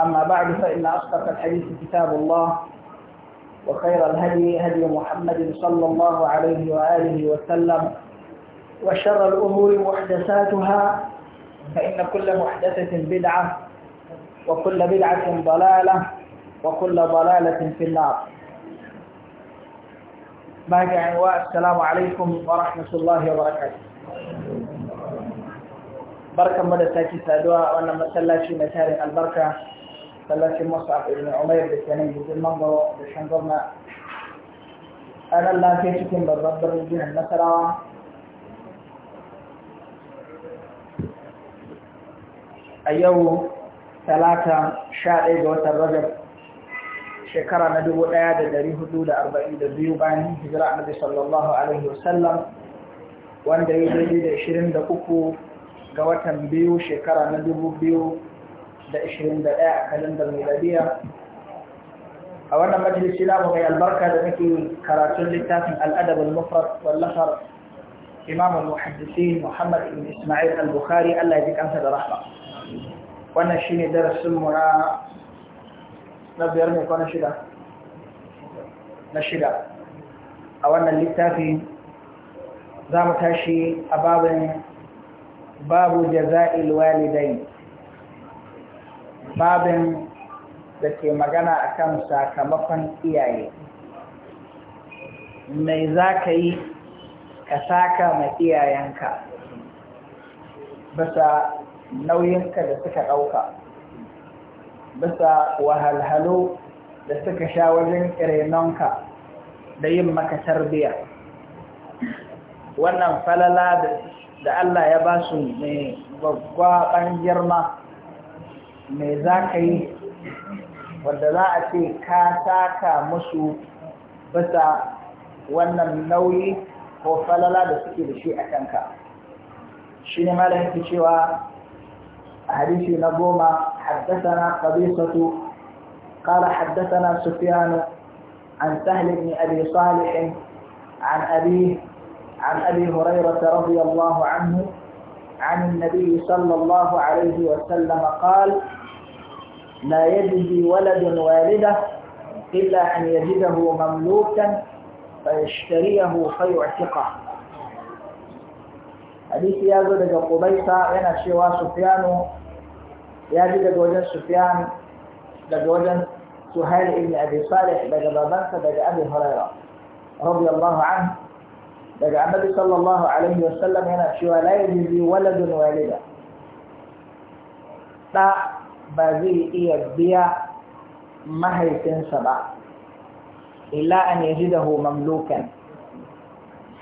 أما بعد فإن أصدق الحديث كتاب الله وخير الهدي هدي محمد صلى الله عليه وآله وسلم وشر الأمور محدثاتها فإن كل محدثة بدعة وكل بدعة ضلالة وكل ضلالة في النار باقي عنواء السلام عليكم ورحمة الله وبركاته بركة مدى ساكي سادوا وأنا مسلاتي مساري البركة sallacin mus'ab ibn umair da ke nan gudun mangoro da shangorna a nan lafiya cikin babbar birnin jihar nasarawa a yau talata sha ɗaya ga watan shekara na dubu ɗaya da dari hudu da arba'in da biyu bayan hijira annabi sallallahu alaihi wasallam wanda ya daidai da ashirin da uku ga watan biyu shekara na dubu biyu da 21 a kalandar miladiya a wannan majalisi na mu mai albarka da muke karatun littafin al'adab al-mufrad wallafar imam al-muhaddisin Muhammad ibn Isma'il al-Bukhari Allah ya ji kansa da rahma wannan shine darasin mu na na biyar ne kwana shida na shida a wannan littafi za mu tashi a babin babu jaza'il walidain babin da ke magana a kan sakamakon iyaye mai za ka yi ka saka ma iyayenka bisa nauyinka da suka ɗauka bisa wahalhalu da suka sha wajen irinonka da yin maka tarbiyya wannan falala da Allah ya ba su mai gwaggwaban girma me za ka yi wanda za a ce ka saka musu bisa wannan nauyi ko falala da suke da shi a kanka shi ne malam cewa a hadisi na goma haddasana qabisatu qala haddasana sufyan an sahl ibn abi salih an abi an abi hurairah radiyallahu anhu عن النبي صلى الله عليه وسلم قال لا يجزي ولد والده إلا أن يجده مملوكا فيشتريه فيعتقه حديث يازو دقى قبيصه أنا شوى سفيان يا دقى وجن سفيان دقى وجن سهيل بن أبي صالح بن بابنسة بن أبي هريرة رضي الله عنه daga annabi sallallahu alaihi wasallam yana cewa la yajizi waladun walida da ba zai iya biya mahaifinsa ba illa an yajidahu mamlukan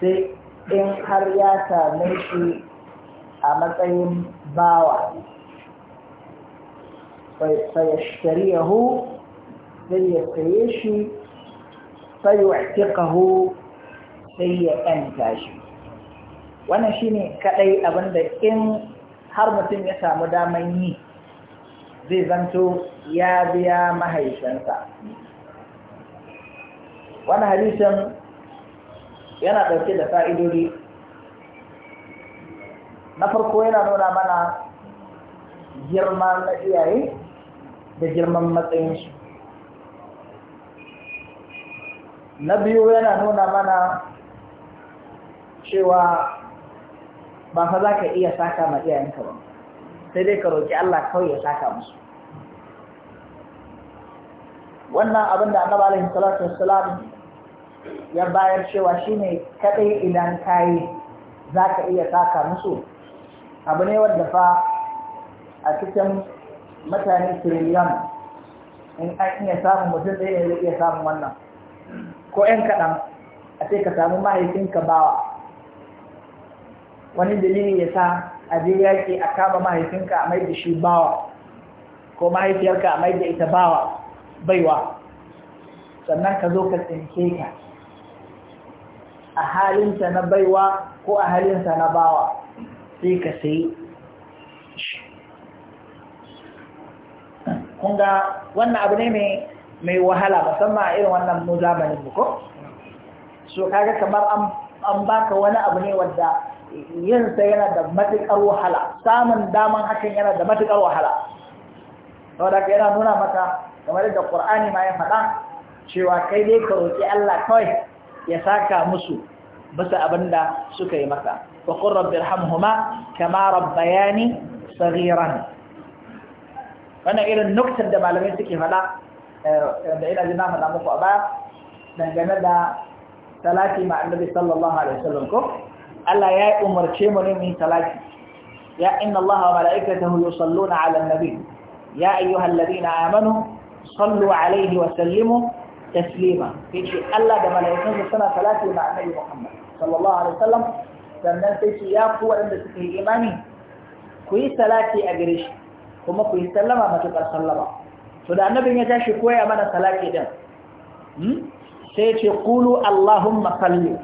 sai in har ya same shi a matsayin bawa fayashtariyahu zai ya saye shi fayu'tiqahu sai ya ɗanta shi wannan shine kaɗai abin da in har mutum ya samu daman yi zai zanto ya biya mahaifinsa wani hadisin yana ɗauke da fa'idori na farko yana nuna mana girma na iyaye da girman matsayinsu na biyu yana nuna mana cewa ba fa za ka iya saka ma iyayenka ba sai dai ka roki Allah kawai ya saka musu wannan abin da annabi alaihi salatu wassalam ya bayar cewa shine kadai idan kai zaka iya saka musu abu ne wanda fa a cikin mutane trillion in an iya samun mutum ɗaya ne zai iya samun wannan ko ƴan kaɗan a sai ka samu mahaifinka bawa wani dalili ya sa a je yaƙi a kama mahaifinka a mai da shi bawa ko mahaifiyarka a mai da ita bawa baiwa sannan ka zo ka tsinke ka a halinsa na baiwa ko a halinsa na bawa sai ka sai kunga wannan abu ne mai wahala musamman a irin wannan mu zamanin ko so kaga kamar an baka wani abu ne wadda yinsa yana da matuƙar wahala samun daman hakan yana da matuƙar wahala saboda ka yana nuna mata kamar da ƙur'ani ma ya faɗa cewa kai dai ka roƙi Allah kawai ya saka musu bisa abin da suka yi maka wa qur rabbi irhamhuma kama rabbayani saghiran wannan irin nuktar da malamai suke faɗa eh, da ina jin faɗa muku a baya dangane da talati ma annabi sallallahu alaihi wasallam ko Allah ya yi umarce mu ne mu yi salati ya inna Allah wa mala'ikatahu yusalluna 'alan nabi ya ayyuhalladhina amanu sallu Alayhi wa sallimu taslima yace Allah da mala'ikunsa suna salati ga Annabi Muhammad sallallahu alaihi wasallam sannan sai ce ya ku waɗanda suka imani ku yi salati a gare shi kuma ku yi sallama matuƙar sallama to da annabin ya tashi koya mana salati din hmm? sai ce qulu allahumma salli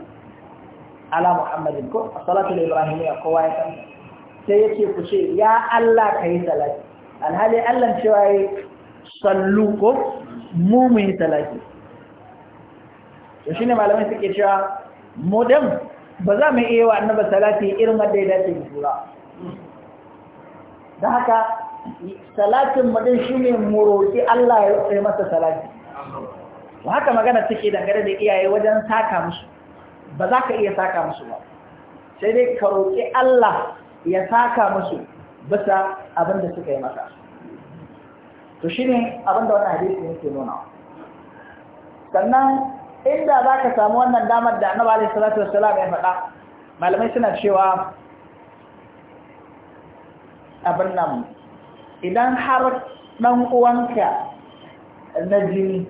ala muhammadin ko a salatu da ibrahim ya kowa ya san sai yake ku ce ya Allah ka yi salati alhali Allah cewa yi sallu ko mu mu yi salati to shine malamai suke cewa mu ba za mu iya wa annaba salati irin wanda ya dace da tura da haka salatin mu shi shine mu Allah ya tsaye masa salati haka magana take dangane da iyaye wajen saka musu ba za ka iya saka musu ba sai dai ka roƙi Allah ya saka musu bisa abin da suka yi masa to shi ne abin da wannan hadisi yake nuna sannan inda za ka samu wannan damar da annabi alaihi salatu wassalam ya faɗa malamai suna cewa abin nan idan har ɗan uwanka na jini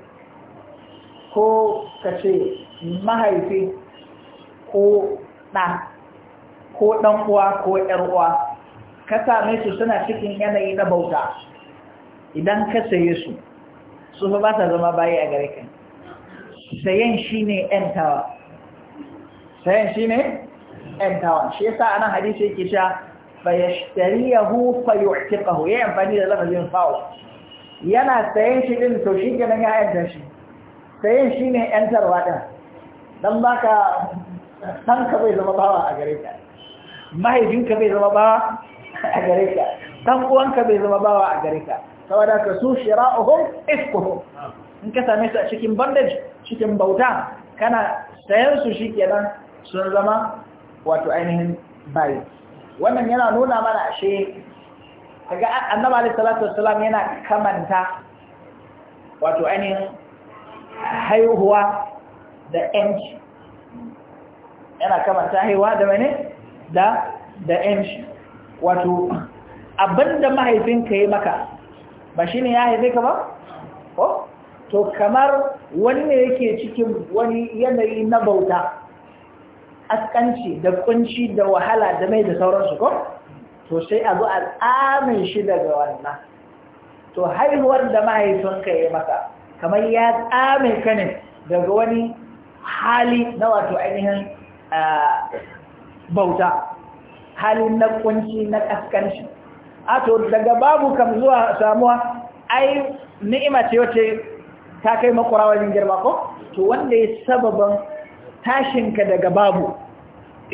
ko ka ce mahaifi ko ɗa ko ɗan uwa ko ‘yar uwa ka same su suna cikin yanayi na bauta idan ka saye su su fa ba ta zama bayi a gare ka sayen shi ne ‘yantawa sayen shi ne ‘yantawa shi yasa anan hadisi yake sha fayashtariyahu ya yi amfani da lafazin fa'u yana sayen shi din to shi kenan ya yanta shi sayen shi ne yantarwa don dan baka ɗanka bai zama bawa a gare ka mahaifinka bai zama bawa a gare ka ɗan uwanka bai zama bawa a gare ka saboda ka su shira'uhum ifkuhum in ka same su a cikin bandage cikin bauta kana sayan su kenan sun zama wato ainihin bayi wannan yana nuna mana ashe kaga annabi alaihi salatu yana kamanta wato ainihin haihuwa da ƴanci yana kamanta haihuwa da mene da da yanci wato abinda mahaifinka yi maka ba shi ne ya haife ka ba? ko? to kamar wanne yake cikin wani yanayi na bauta askanci da kunci da wahala da mai da sauransu ko? to sai a zo a shi daga wannan to haihuwar da mahaifinka yi maka kamar ya tsamin ka ne daga wani hali na wato ainihin Eh, bauta halin na kunci na kaskanci a to daga babu kam zuwa samuwa ai ni'ima ce wace ta kai makura yin girma ko to wanda ya sababan tashinka daga babu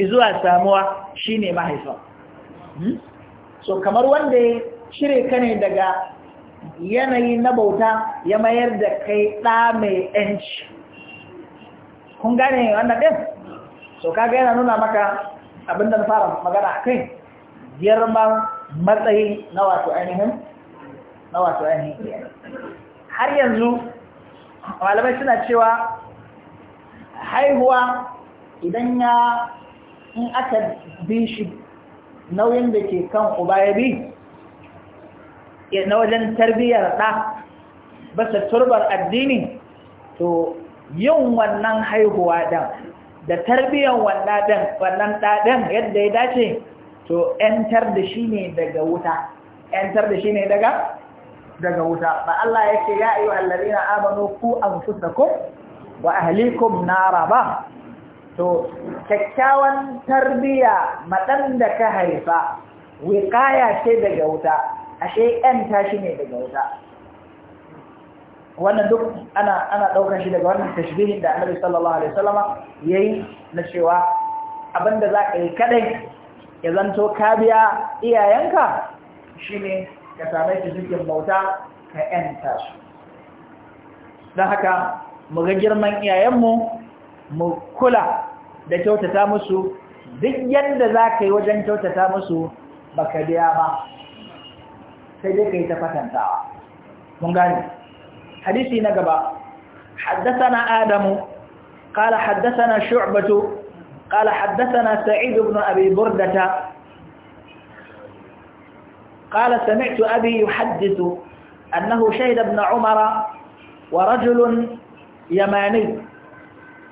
zuwa samuwa shine mahaifa hmm? so kamar wanda ya cire ka ne daga yanayi na bauta ya mayar da kai ɗa mai ‘yanci kun gane wannan ɗin so kaga yana nuna maka abinda na fara magana a kai girman matsayi na wato ainihin na wato ainihin har yanzu malamai suna cewa haihuwa idan ya in aka bi shi nauyin da ke kan uba ya bi na wajen tarbiyyar ɗa basa turbar addini to yin wannan haihuwa dan da tarbiyan wannan ɗaɗen yadda ya dace to ‘yantar da shi ne daga wuta ‘yantar da shi ne daga daga wuta ba Allah ya ce ya yi hallari na amano ku an fusakun wa ahalikum nara ba to kyakkyawan tarbiya maɗan da ka haifa wikaya ce daga wuta ashe ‘yanta shi ne daga wuta wannan duk ana ana daukar shi daga wannan tashbihin da Annabi sallallahu alaihi wasallama yayi na cewa abinda za ka yi kadai ya zanto ka biya iyayenka shine ka same shi cikin bauta ka yanta su dan haka mu ga girman iyayenmu mu kula da kyautata musu duk yadda za ka yi wajen kyautata musu baka biya ba sai dai ka yi ta fatantawa mun gane حديثي نقبا حدثنا آدم قال حدثنا شعبة قال حدثنا سعيد بن أبي بردة قال سمعت أبي يحدث أنه شهد ابن عمر ورجل يماني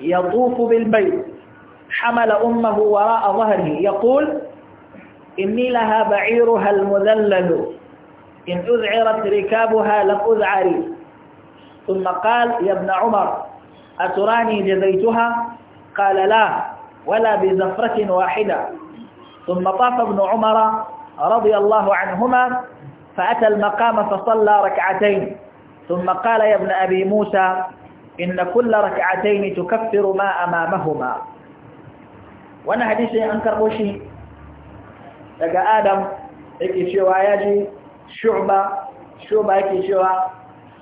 يطوف بالبيت حمل أمه وراء ظهره يقول إني لها بعيرها المذلل إن أذعرت ركابها لم أذعري ثم قال يا ابن عمر أتراني جزيتها قال لا ولا بزفرة واحدة ثم طاف ابن عمر رضي الله عنهما فأتى المقام فصلى ركعتين ثم قال يا ابن أبي موسى إن كل ركعتين تكفر ما أمامهما وانا حديثي أنكر وشي لقى آدم يكي شوى يجي شعبة شعبة يكي شوى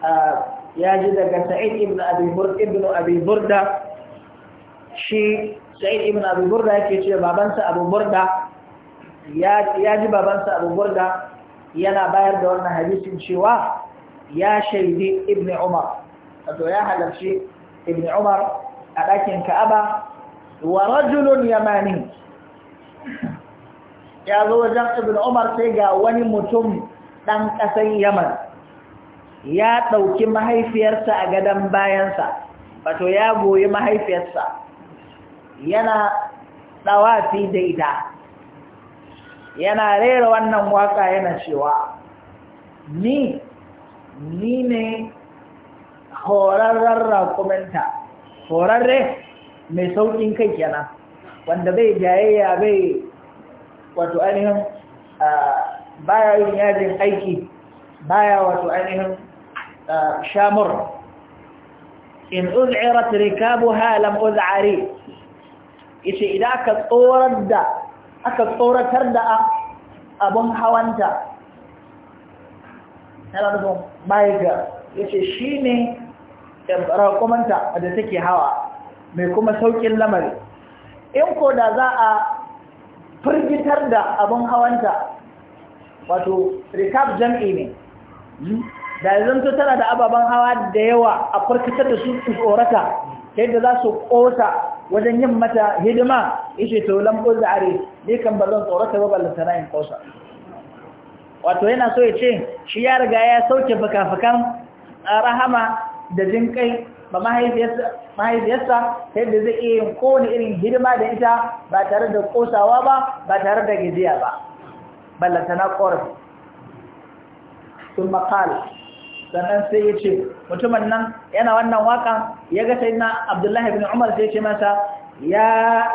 آه، ya ji daga sa'id ibn abi burda shi sa'id ibn abi burda yake ce babansa abu burda ya ji babansa abu burda yana bayar da wannan hadisin cewa ya shaidi ibn umar wato ya halarci ibn umar a ɗakin ka'aba wa rajulun yamani ya zo wajen ibn umar sai ga wani mutum ɗan ƙasar yaman ya ɗauki mahaifiyarsa a gadon bayansa wato ya goyi mahaifiyarsa yana ɗawafi da ita yana rera wannan waka yana cewa ni ni ne horarren rakumenta, horarre mai sauƙin kai kenan wanda bai jayayya bai wato ainihin ah, baya yin yajin aiki baya wato ainihin shamur in uz'irat rikabuha lam uz'ari yace idan aka tsorar da aka tsoratar da abun hawanta yana da baiga yace shine raƙumanta da take hawa mai kuma saukin lamari in ko da za a firgitar da abun hawanta wato rikab jam'i ne da yanzu tana da ababen hawa da yawa a farkatar da su tsorata yadda za su kosa wajen yin mata hidima ishe to lambo zare ne kan ba zan tsorata ba ballanta na yin kosa wato yana so ya ce shi ya riga ya sauke fuka-fukan rahama da jin kai ba mahaifiyarsa ta yadda zai iya yin kowane irin hidima da ita ba tare da kosawa ba ba tare da gajiya ba ballanta na korafi ثم قال sannan sai ya ce mutumin nan yana wannan waka ya ga sai na abdullahi bin umar sai ce masa ya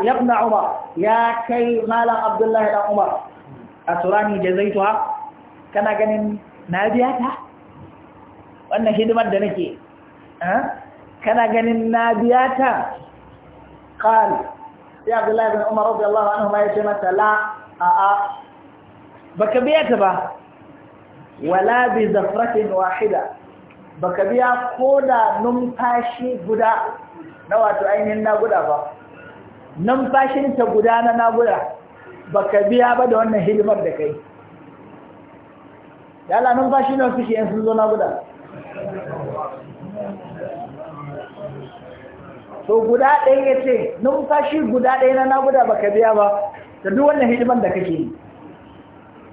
yabna umar ya kai malam abdullahi dan umar a turani jazaituha kana ganin na biya ta wannan hidimar da nake kana ganin na biya ta qal sai abdullahi bin umar radiyallahu anhu ma ya ce masa la a a baka biya ta ba wala bi zafratin wahida baka biya koda numfashi guda na wato ainihin na guda ba numfashin ta guda na naguda baka biya ba da wannan hidimar da kai yala numfashi na suke yan sun zo naguda to guda ɗaya ya ce numfashi guda ɗaya na naguda baka biya ba da duk wannan hidimar da kake yi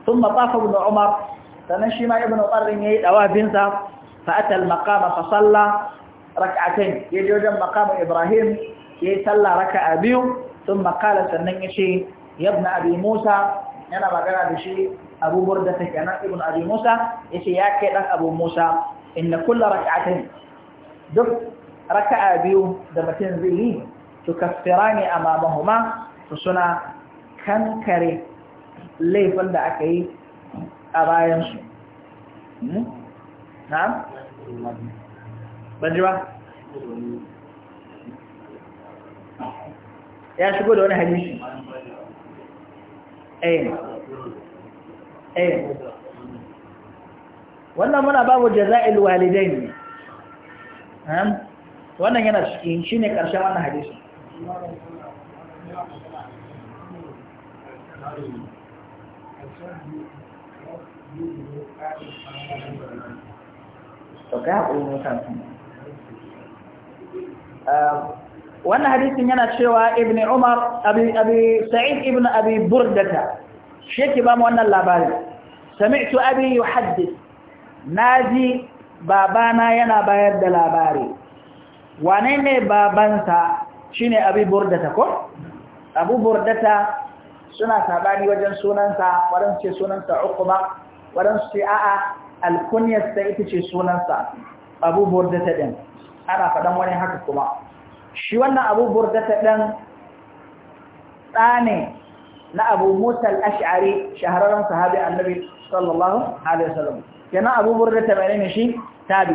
sun matsafa ibn umar sannan shi ma ibn qarrin yayi dawafin sa fa atal maqama fa salla ya ji wajen maqama ibrahim yayi salla raka'a biyu thumma makala sannan yace ce yabna abi musa yana magana da shi abubuwar da ta kenan ibn abi musa yace ya kai ɗan abu musa inna kullu raka'atai duk raka'a biyu da mutum zai yi su ne tukaffirani amamahuma su suna kankare laifin da aka yi a bayansu hmm? na? banji ba? ya shigo da wani hadisi eh eh wannan muna babu jaza'il walidain ne wannan yana cikin shine karshen wannan hadisi Thank you. Ehm, wannan hadisin yana cewa ibn umar abi sa'id ibn abi burdata shi ba mu wannan labari sami'tu abi Na naji babana yana bayar da labari wane ne babansa shine abi burdata ko abu burdata suna sabani wajen sunansa waɗansu ce sunansa uqba waɗansu ce a'a alkunyarsa ita ce sunansa abubuwar burdata ɗin ana faɗan wani haka kuma shi wannan abubuwar burdata ɗin ɗa ne na abu musa al'ash'ari shahararren sahabi annabi sallallahu alaihi wasallam kenan abubuwar data mai ne shi tabi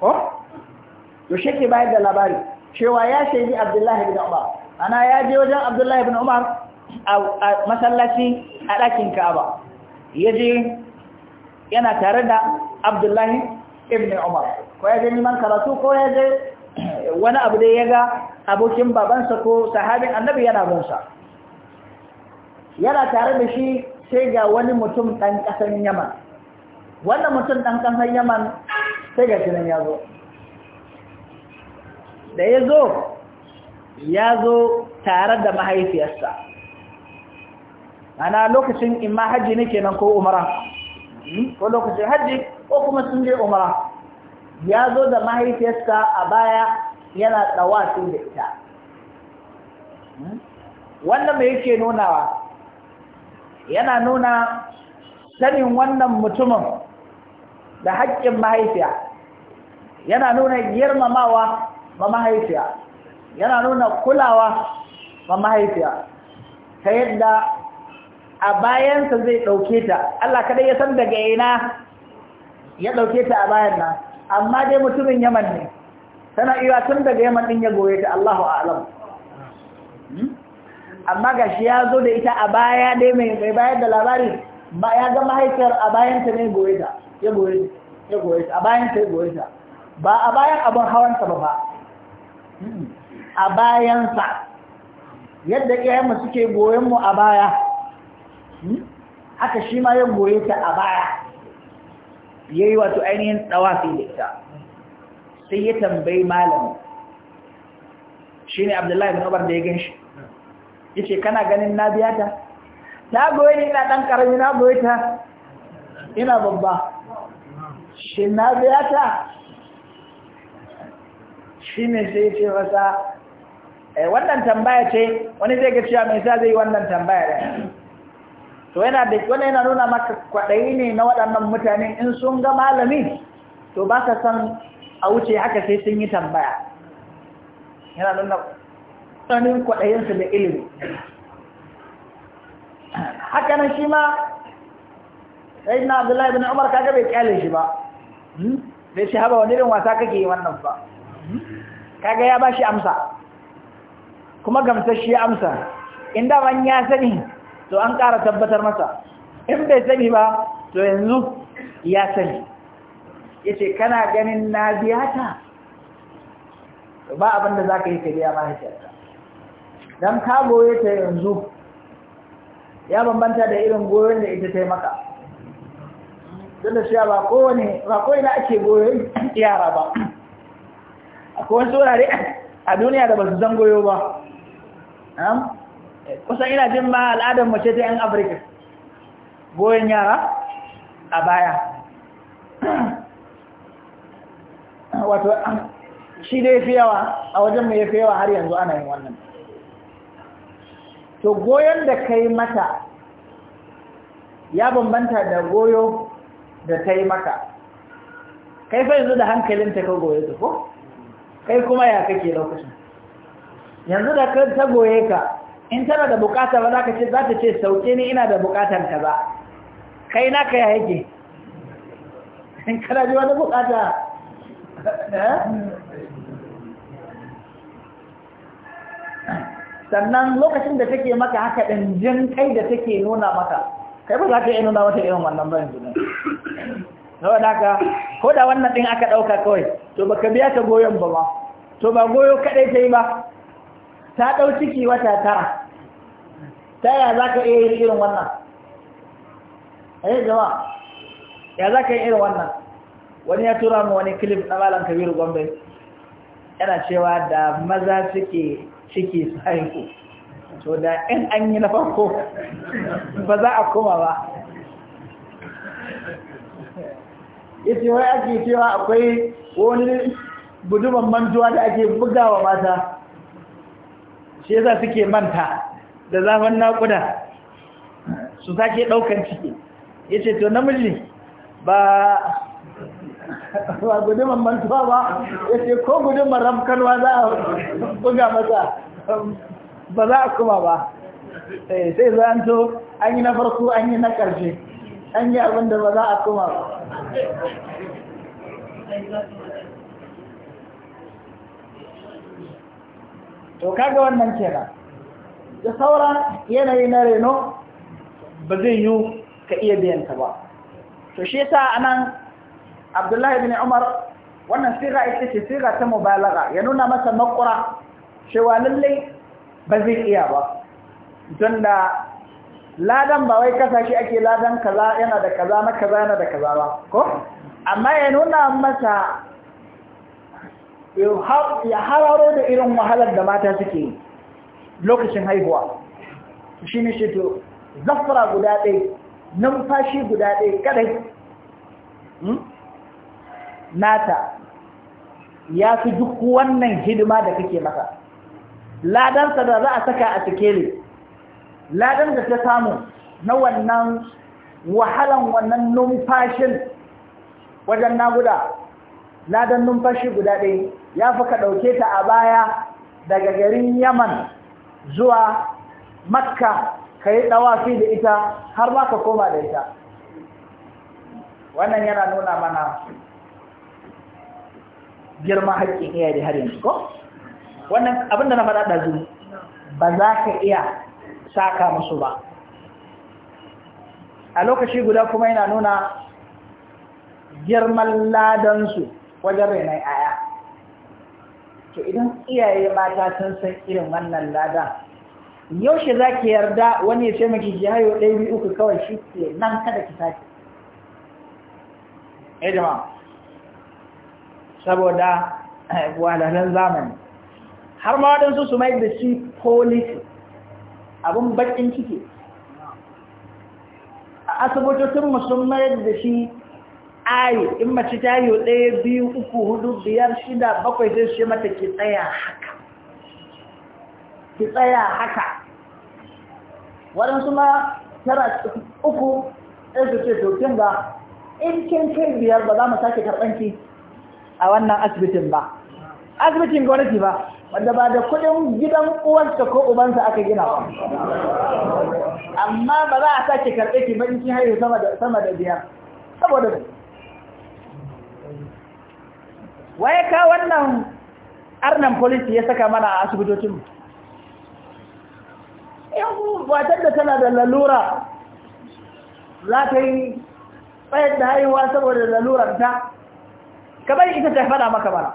ko to shi ke bayar da labari cewa ya shaidi abdullahi bin umar ana ya je wajen abdullahi bin umar a masallaci a ɗakin ka'aba ya je yana tare da abdullahi ibn umar ko ya je neman karatu ko ya je wani abu da ya ga abokin babansa ko sahabin annabi yana bunsa yana tare da shi sai ga wani mutum ɗan ƙasar yaman wannan mutum ɗan ƙasar yaman sai ga shi ya zo da ya zo ya zo tare da mahaifiyarsa ana lokacin in ma hajji ne kenan ko umara hmm? ko lokacin hajji ko kuma sun je umara ya zo da mahaifiyarsa a baya yana tsawafi da ita hmm? wannan mai yake nunawa yana nuna sanin wannan mutumin da haƙƙin mahaifiya yana nuna girmamawa ma mahaifiya yana nuna kulawa ma mahaifiya ta yadda a bayansa zai ɗauke ta Allah kada ya san daga ina ya ɗauke ta a bayan nan amma dai mutumin yaman ne tana iya tun daga yaman ɗin ya goye ta Allahu alam hmm? amma ga shi ya zo da ita a baya dai mai bayar da labari ba ya ga mahaifiyar a bayanta ne goye ta ya goye ya goye ta a bayanta ya goye ta ba a bayan abin hawansa ba ba hmm. a bayansa yadda iyayenmu suke goyon mu a baya haka shi ma ya goye ta a baya ya yi wato ainihin tsawafi da ita sai ya tambayi malamu shi ne abdullahi bin umar da ya ganshi ya ce kana ganin na biya ta na goye ni ina ɗan ƙarami na goye ta ina babba shi na biya ta shi ne sai ya ce wasa eh, wannan tambaya ce wani zai ga cewa mai sa zai yi wannan tambaya da to yana da wannan yana nuna maka kwadayi ne na waɗannan mutane in sun ga malami to ba ka san a wuce haka sai sun yi tambaya yana nuna tsanin kwaɗayinsu da ilimi haka nan shi ma sai na abdullahi bin umar kaga bai kyale shi ba hmm? bai shi haɓa wani irin wasa kake yi wannan ba hmm? kaga ya ba shi amsa kuma gamsar shi amsa inda man ya sani to an ƙara tabbatar masa in bai sani ba to yanzu ya sani ya ce kana ganin na biya ta ba abinda za ka yi ka biya mahaifiyarta don ka goye ta yanzu ya bambanta da irin goyon da ita ta yi maka don da shiya ba kowane ba kowane ake goyon yara ba akwai wasu wurare a duniya da ba su zan goyo ba kusan ina jin ma al'adar mace ta 'yan afirka goyon yara a baya wato shi dai fi yawa a wajen mai fi yawa har yanzu ana yin wannan to goyon da ka mata ya bambanta da goyo da ta yi maka kai fa yanzu da hankalinta ka goye ta ko kai kuma ya kake lokacin yanzu da ka ta goye ka in tana da bukata ba za ka ce za ta ce sauke ni ina da bukatar ka ba kai na ka ya yake in kana biyu wani bukata eh? sannan lokacin da take maka haka ɗin jin kai da take nuna maka kai ba za ka yi nuna wata irin wannan ban jini saboda haka ko da wannan ɗin aka ɗauka kawai to ba ka biya ta goyon ba ma to ba goyo kaɗai ta yi ba ta ɗau ciki wata tara ta yaya za ka iya yin irin wannan A eh, yi jama'a ya za ka yi irin wannan wani ya tura mu wani kilif na malam kabiru gombe yana cewa da maza suke ciki su haiku to da in an yi na farko ba za a koma ba ce wai ake cewa akwai wani guduman mantuwa da ake bugawa mata shi yasa suke manta da zafin naƙuda su sake ɗaukan ciki ya ce to namiji ba ba gudunman mantuwa ba ya ce ko gudunman ramkanwa za a buga masa ba za a kuma ba eh, sai zanto an yi na farko an yi na ƙarfe an yi abin da ba za a kuma ba to kaga wannan kenan da sauran yanayi na reno ba zai yi ka iya biyanta ba to shi yasa anan abdullahi bin umar wannan siga ita ce siga ta mubalaga ya nuna masa makura cewa lallai ba zai iya ba don da ladan ba wai kasashe ake ladan kaza yana da kaza na kaza yana da kaza ba ko amma ya nuna masa ya hararo da irin wahalar da mata suke yi lokacin haihuwa shi ne shi to zafara guda ɗai numfashi guda ɗai kadai hmm, nata ya fi duk wannan hidima da kake maka. ladansa da za a saka a sikeli ladan da ta samu na wannan wahalan wannan numfashin wajen naguda ladan numfashi guda ɗaya ya fi ka ɗauke ta a baya daga garin yaman zuwa makka ka yi ɗawafi da ita har ba ka koma da ita wannan yana nuna mana girma haƙƙin iya da har yanzu ko wannan abinda na faɗa ɗazu ba za ka iya saka musu ba a lokaci guda kuma yana nuna girman ladansu wajen renai aya to idan iyaye mata sun san irin wannan lada yaushe za ki yarda wani ya ce maki ki hayo ɗaya biyu uku kawai shi ke nan kada ki sake ya eh, jama'a saboda eh, wadannan zamani har ma waɗansu su mai da shi policy abin bakin ciki a asibitocin sun mayar da shi ari in mace ta yi ɗaya biyu uku hudu biyar shida bakwai zai shi mata ki tsaya haka ki tsaya haka waɗansu ma tara uku ɗaya su ce to ba in kin kai biyar ba za mu sake karɓanki a wannan asibitin ba asibitin gwamnati ba wanda ba da kudin gidan uwarsa ko ubansa aka gina ba amma ba za a sake karɓe ki ba in kin haihu sama da biyar saboda waye ka wannan arnan polisi ya saka mana a asibitocin yan watan da tana da lalura za ta yi bayan da haihuwa saboda lalurar ta ka ita ta fada maka bara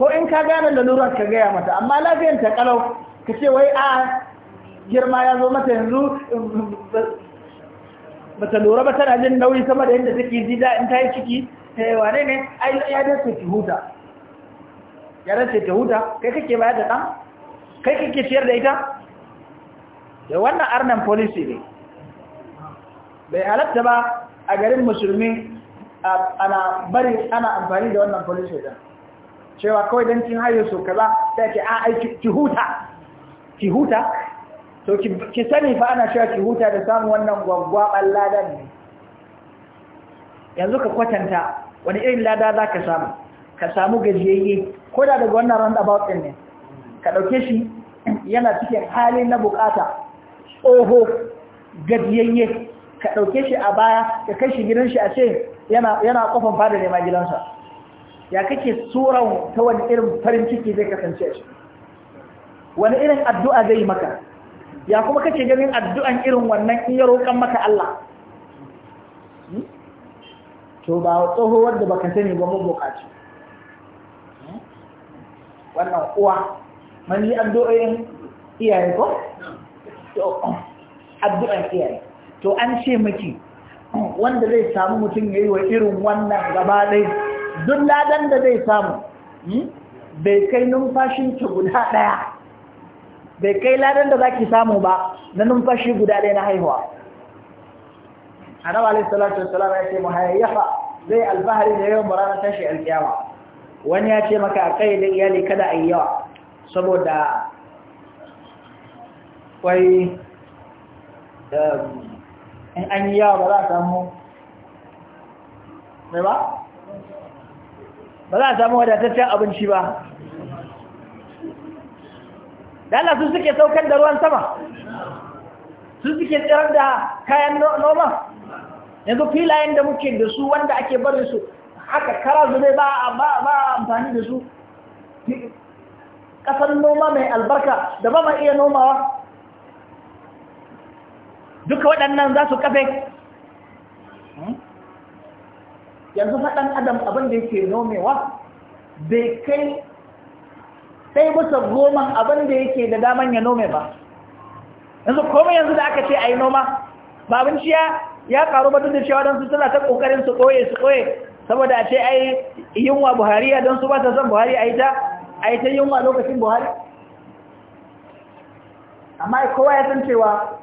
ko in ka gane lalurar ka gaya mata amma lafiyar ta kalau ka ce wai a girma ya zo mata yanzu bata lura ba tana jin nauyi sama da yadda take ji da in ta yi ciki Ta eh, wane ne ya dace ki huta yaran sai ta huta kai kake bayar da ɗan kai kake ciyar da ita da wannan arnan policy ne bai halatta ba a garin musulmi ana bari ana amfani da wannan policy ɗin cewa kawai don kin hayo so kaza sai ce a ai ki huta ki huta to ki sani fa ana cewa ki huta da samun wannan gwaggwaban ladan ne yanzu ka kwatanta wani irin lada za ka samu ka samu gajiyayye ko da daga wannan about din ne ka dauke shi yana cikin hali na bukata tsoho gadiyayye ka dauke shi a baya ka kai shi gidan shi a ce yana kofan fada ma gidansa ya kake tsoron ta wani irin farin ciki zai kasance shi wani irin addu'a zai maka ya kuma kake ganin addu'an irin wannan in ya roƙan maka Allah hmm? to ba tsoho wanda baka sani ba mu mabukaci wannan uwa yi addu'o'in iyaye ko to addu'an iyaye to an ce miki wanda zai samu mutum yayi wa irin wannan gaba dai duk ladan da zai samu hmm, bai kai numfashin ta guda daya bai kai ladan da zaki samu ba na numfashi guda daya na haihuwa annabi alaihi salatu wassalam ya ce mu muhayyafa zai alfahari da yawan barana tashi alkiyama wani ya ce maka a kai da iyali kada a yi yawa saboda kwai um, in an yi yawa ba za a samu mai ba? ba za a samu wadataccen abinci ba dala su suke saukar da ruwan sama su suke tsirar da kayan noma yanzu filayen da muke da su wanda ake barin su haka kara zube ba a amfani da su ƙasar noma mai albarka da ba ma iya nomawa duka waɗannan za su kafe hmm? yanzu faɗan adam abinda da yake nomewa bai kai ɗaya bisa goman abinda da yake da daman ya nome ba yanzu komai yanzu da aka ce a yi noma ba abinci ya ya karu batun da cewa don su suna ta kokarin su koye su koye saboda a ce ai yunwa Buhari a don su ba ta san Buhari ai ta ai ta yunwa lokacin Buhari amma kowa ya san cewa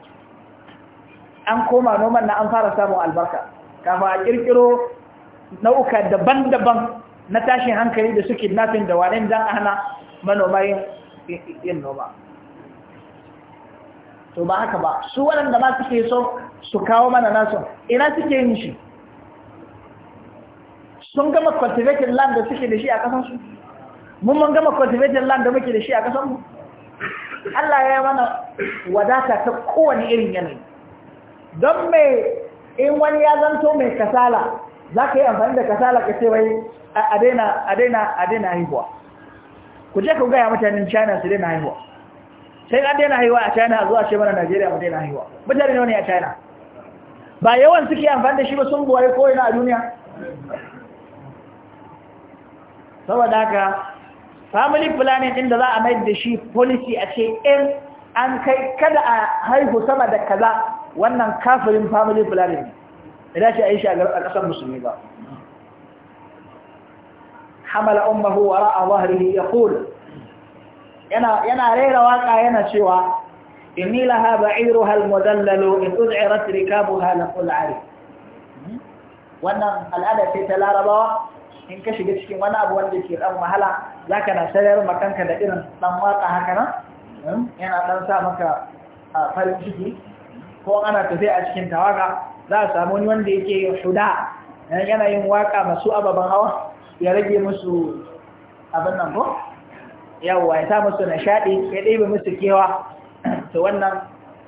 an koma noman na an fara samun albarka kafin a kirkiro nau'uka daban-daban na tashin hankali da suke nafin da wane dan ana manoma yin noma to ba haka ba su waɗanda ba suke so su kawo mana nasu ina suke yin shi sun gama cultivated land da suke da shi a ƙasansu mun mun gama cultivated land da muke da shi a ƙasanmu Allah ya yi mana wadata ta kowane irin yanayi don mai in wani ya zanto mai kasala za ka yi amfani da kasala ka ce wai a daina haihuwa ku je ku gaya mutanen china su daina haihuwa sai an daina haihuwa a china zuwa ce mana najeriya mu daina haihuwa mutane ne a china ba yawan suke amfani da shi ba sun buwaye ko'ina a duniya saboda haka family planning din da za a mai da shi policy a ce in an kai kada a haihu sama da kaza wannan kafirin family planning idan shi a yi shi a ƙasar musulmi ba hamala ummahu wara ra'a zahrihi yaqul yana rera waka yana cewa inni laha ba'iruha al-mudallalu in ud'irat rikabuha laqul ari hmm? wannan al'ada ce ta larabawa in ka shiga cikin wani abu wanda ke dan wahala zaka na sayar makanka da irin dan waka haka nan hmm? yana dan sa maka farin ciki ko ana tafiya a cikin tawaga za a samu wani wanda yake shuda eh, yana yin waka masu ababan hawa ya rage musu abin nan ko yawwa ya sa musu nishaɗi ya ɗebe musu kewa to wannan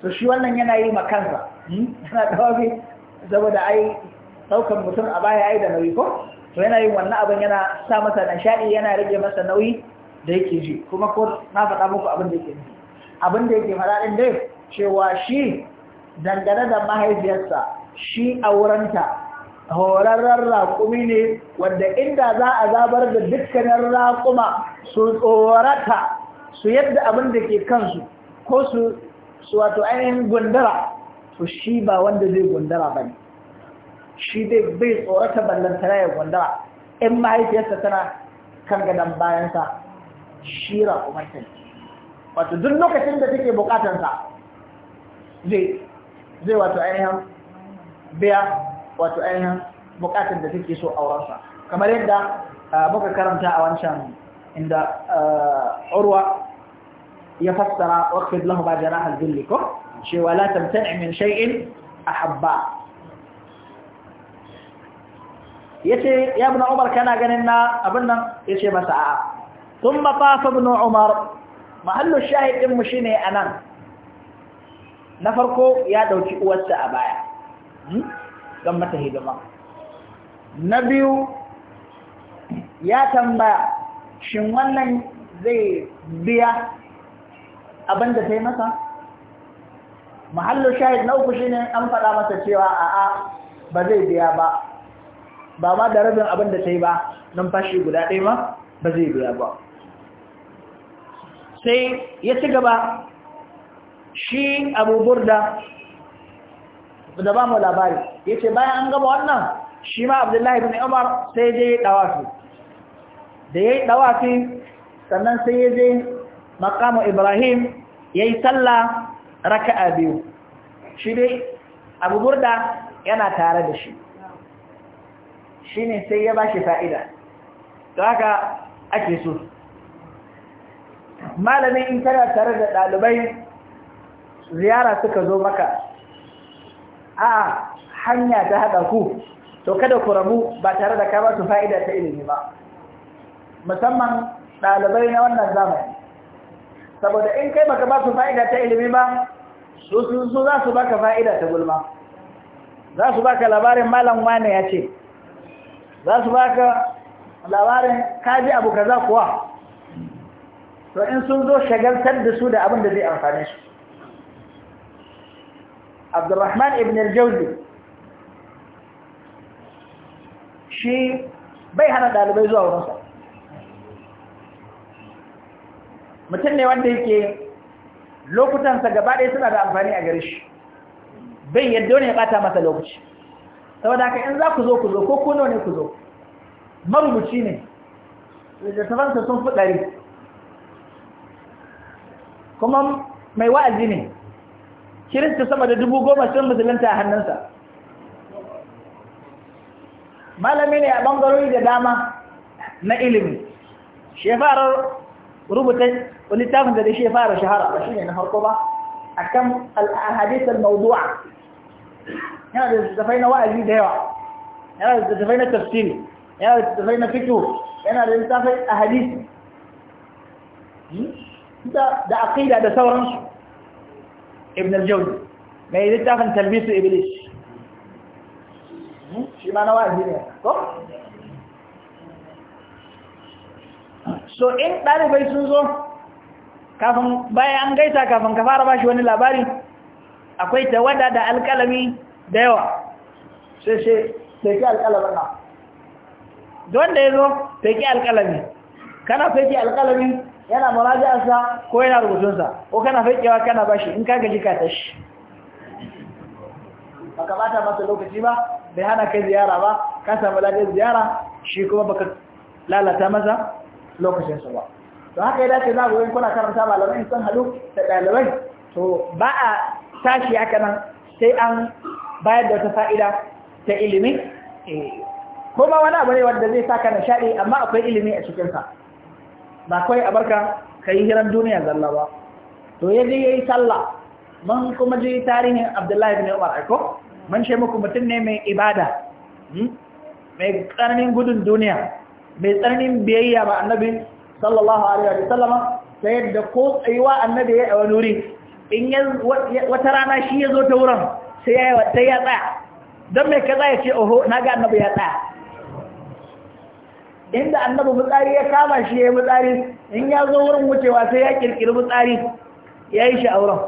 to shi wannan yana yi ma kansa hmm? yana tawafi saboda ai ɗaukar mutum a baya ai da nauyi ko to yana yin wannan abin yana sa masa nishaɗi yana rage masa nauyi da yake ji kuma ko na faɗa muku abin da yake ji abin da yake faɗa ɗin dai cewa shi dangane da mahaifiyarsa shi aurenta horarren raƙumi ne wadda inda za a zabar da dukkanin raƙuma su tsorata su yadda abin da ke kansu ko su wato ainihin gundara to shi ba wanda zai gundara ba ne shi dai bai tsorata ballantana ya gundara in mahaifiyarsa tana kan gadon bayansa shi raƙumarta ne wato duk lokacin da take bukatansa zai wato ainihin biya wato ainihin bukatun da suke so aurensa kamar yadda muka karanta a wancan inda urwa ya fassara waqfid lahu ba jaraha al shi wala tamta'i min shay'in ahabba yace ya ibn umar kana ganin na abin nan yace masa a thumma tafa ibn umar mahallu shahid din mu shine anan na farko ya dauki uwarsa a baya don mata hidima na biyu ya tambaya shin wannan zai biya abin da ta yi masa mahallin shahid na uku shi ne an faɗa masa cewa a'a ba zai biya ba ba ma da rabin abin da ta yi ba Nan fashi guda ɗaya ma ba zai biya ba sai ya ci gaba shi abubuwar da da ba mu labari ce bayan an gaba wannan shi ma Abdullahi bin Umar sai je ya dawafi da yayi dawafi sannan sai ya je maqamu Ibrahim yayi sallah raka'a biyu shi dai Abu Burda yana tare da shi shine sai ya bashi fa'ida to haka ake so malamin in kana tare da ɗalibai ziyara suka zo maka a hanya ta haɗa ku to kada ku rabu ba tare da ka ba su fa'ida ta ilimi ba musamman ɗalibai na wannan zamani saboda in kai baka ba su fa'ida ta ilimi ba su su za su baka fa'ida ta gulma za su baka labarin malam wane ya ce za su baka labarin kaji abu kaza kuwa to in sun zo shagaltar da su da abin da zai amfane su Abdurrahman ibn al الجوزي shi bai hana dalibai zuwa wurinsa mutum ne wanda yake lokutansa gaba ɗaya suna da amfani a gare shi bai yadda wani ya ɓata masa lokaci saboda haka in za ku zo ku zo ko kuno ne ku zo marubuci ne littattafansa sun fi ɗari kuma mai wa'azi ne kirista sama da dubu goma sun musulunta a hannunsa malami ne a ɓangarori da dama na ilimi shefarar rubuta littafin da shi fara shahara ba shi ne na farko ba a kan al mawdu'a yana da littattafai na wa'azi da yawa yana da littattafai na tafsiri yana da littattafai na fito yana da littattafai a hadisi da aqida da sauransu ibn al-jawzi mai littafin talbisu iblis hmm? shi ma na wa'azi ne ko so in ɗalibai sun zo kafin bayan an gaisa kafin ka fara bashi wani labari akwai tawada da alƙalami da yawa sai sai teki alƙalamin na don da ya zo teki alƙalami kana teki alƙalami yana muraja'arsa ko yana rubutunsa ko kana fakewa kana bashi in ka gaji ka tashi baka bata masa lokaci ba bai hana kai ziyara ba ka samu lafiyar ziyara shi kuma baka lalata masa lokacinsa ba to haka ya dace na ku kuna karanta malamai san halu da ɗalibai to ba a tashi haka nan sai an bayar da wata fa'ida ta ilimi eh, ko ba wani abu ne wanda zai sa saka nishaɗi amma akwai ilimi a cikinsa ba kawai a barka ka yi hiran duniya zalla ba to ya je ya yi sallah man kuma ji tarihin abdullahi bin umar aiko man shi muku mutum ne mai ibada hmm? mai tsananin gudun duniya mai tsananin biyayya ba annabi sallallahu alaihi wa sallama ta yadda ko tsayuwa annabi ya yi wani wuri in wata rana shi ya zo ta wurin sai ya yi ya tsaya don mai kaza ya ce oho na ga annabi ya tsaya inda annabi mutsari ya kama shi ya yi mutsari in ya zo wurin wucewa sai ya kirkiri mutsari ya yi shi auren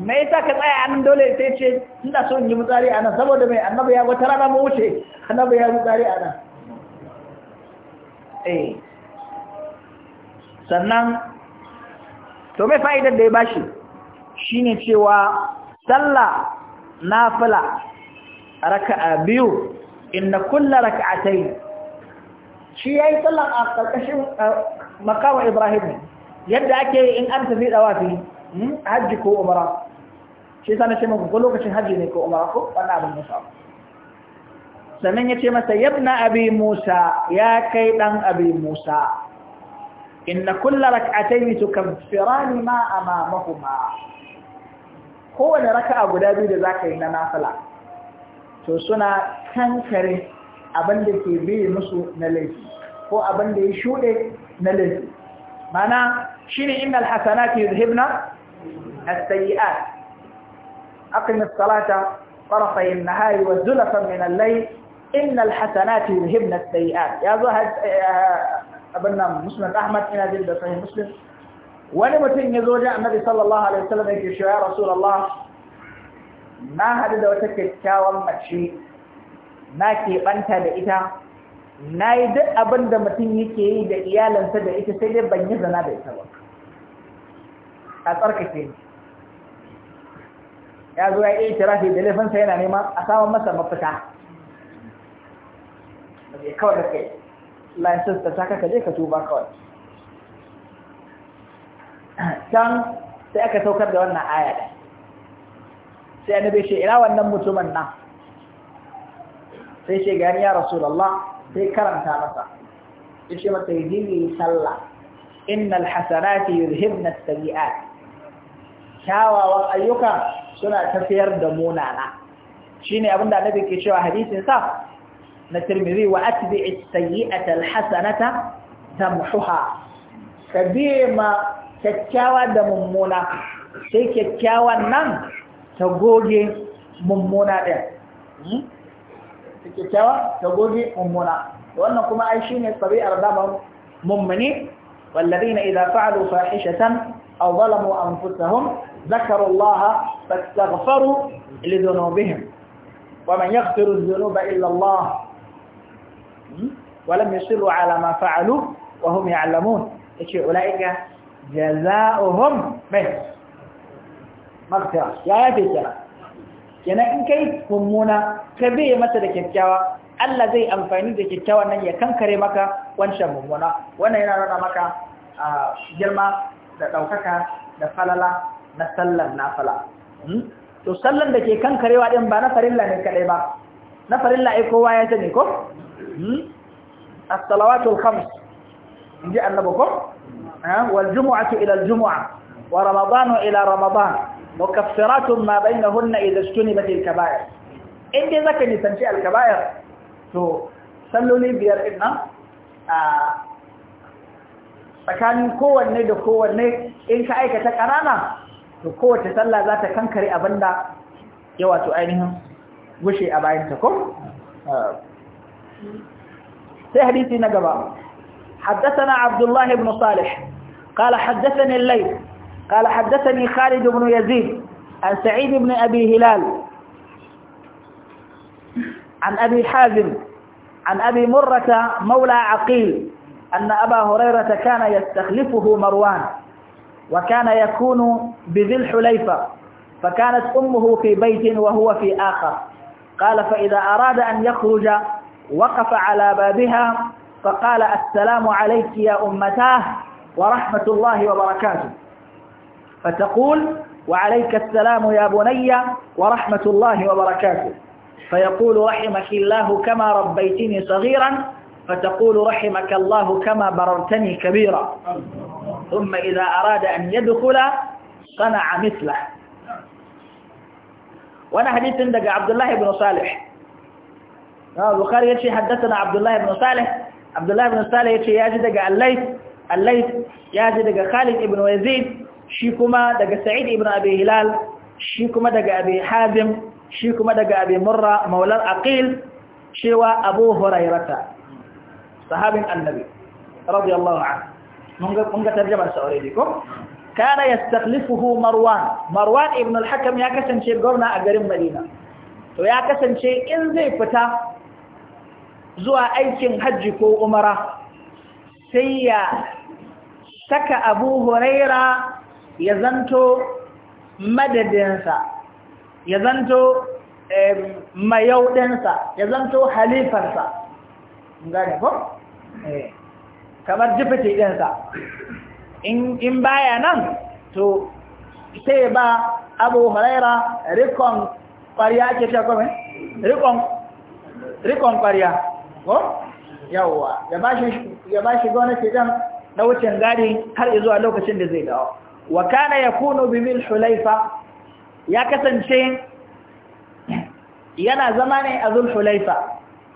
mai sa ka tsaya anan dole sai ce inda son in yi mutsari anan saboda mai annabi ya wata rana mu wuce annabi ya mutsari anan eh sannan to mai fa'idar da ya ba shi shi ne cewa sallah nafila raka'a biyu inna ta yi shi ya yi sallan a ƙarƙashin makawa ibrahim yadda ake in an tafi dawafi hmm, hajji ko umara shi sana ce maka ko lokacin hajji ne ko umara ko wani abin musa sannan ya ce masa yabna abi musa ya kai dan abi musa inna kulla rak'atayn tukaffirani ma amamahuma kowane raka'a guda biyu da za ka yi na nafila to suna kankare abin ke biye musu na laifi ko abin ya shuɗe na laifi mana shine innal hasanati yudhibna as-sayyi'at aqim as-salata طرفي النهار وزلفا من الليل إن الحسنات يذهبن السيئات يا زهد abinnan muslim ahmad ina jin da sahih muslim wani mutum ya zo da annabi sallallahu alaihi wasallam yake cewa ya rasulullah na hadu da wata kyakkyawan mace na keɓanta da ita na yi duk abin da mutum yake yi da iyalansa da ita sai dai ban yi zana da ita ba a tsarkake ni ya zo ya iya tirafi da laifinsa yana neman a samun masa mafita da kawai da kai lansus ta saka kaje ka tuba kawai can sai aka saukar da wannan aya sai annabi shi ina wannan mutumin nan sai ce gani ya rasulullah sai karanta masa yace masa yi sallah innal hasanati yuzhibna as-sayyi'at kyawawan ayyuka suna tafiyar da munana shine da annabi ke cewa hadisin sa na Tirmidhi wa atbi'i as-sayyi'ata al-hasanata tamhuha kabima kyakkyawa da mummuna sai kyakkyawan nan ta goge mummuna ɗaya kyakkyawa ta goge mummuna wannan kuma ai shine tabi'ar daban mummuni والذين إذا فعلوا فاحشة أو ظلموا أنفسهم ذكروا الله فاستغفروا لذنوبهم ومن يغفر الذنوب إلا الله ولم يصروا على ما فعلوا وهم يعلمون أولئك جزاؤهم به مغفرة يا يا تجرى kenan in kai mummuna ka biye masa da kyakkyawa Allah zai amfani da kyakkyawa nan ya kankare maka wancan mummuna wannan yana nuna maka girma da ɗaukaka da falala na sallan na fala hmm? to sallan da ke kankarewa din ba na farilla ne kadai ba na farilla ai kowa ya sani ko hmm? as-salawatul khams inji annabi ko wal jumu'atu ila al-jumu'ah wa ramadanu ila ramadan mukaffiratun ma bainahunna idza istunibat al-kaba'ir in dai zaka nisanci al-kaba'ir to salloli biyar din nan a tsakanin kowanne da kowanne in ka aikata ƙanana to kowace sallah za ta kankare abinda ya wato ainihin gushe a bayan ta ko sai hadisi na gaba حدثنا عبد الله بن صالح قال حدثني الليل قال حدثني خالد بن يزيد عن سعيد بن أبي هلال عن أبي حازم عن أبي مرة مولى عقيل أن أبا هريرة كان يستخلفه مروان وكان يكون بذي الحليفة فكانت أمه في بيت وهو في آخر قال فإذا أراد أن يخرج وقف على بابها فقال السلام عليك يا أمتاه ورحمة الله وبركاته فتقول وعليك السلام يا بني ورحمة الله وبركاته فيقول رحمك الله كما ربيتني صغيرا فتقول رحمك الله كما بررتني كبيرا ثم إذا أراد أن يدخل صنع مثله وانا حديث عندك عبد الله بن صالح آه، البخاري يتي حدثنا عبد الله بن صالح عبد الله بن صالح يتي ياجي الليث الليث يا دغ خالد بن يزيد shi kuma daga sa'id ibn abi hilal shi kuma daga abi hazim shi kuma daga abi murra maular aqil cewa abu hurairata sahabin annabi radiyallahu anhu mun ga tarjamar sa already ko kana yastakhlifuhu marwan marwan ibn al-hakam ya kasance gwamna a garin madina to ya kasance in zai fita zuwa aikin hajji ko umara sai ya saka abu huraira ya zanto madadinsa ya zanto mayaudinsa ya zanto halifarsa gane ko? Eh, kamar jifiti ɗinsa in baya nan to sai ba abu huraira rikon kwariya ake fiye kome? rikon kwariya ko? yawwa ya ba shi gwamnati ɗin na wucin gadi har izuwa lokacin da zai dawo wa kana yakunu bi mil hulaifa ya kasance yana zama ne a zul hulaifa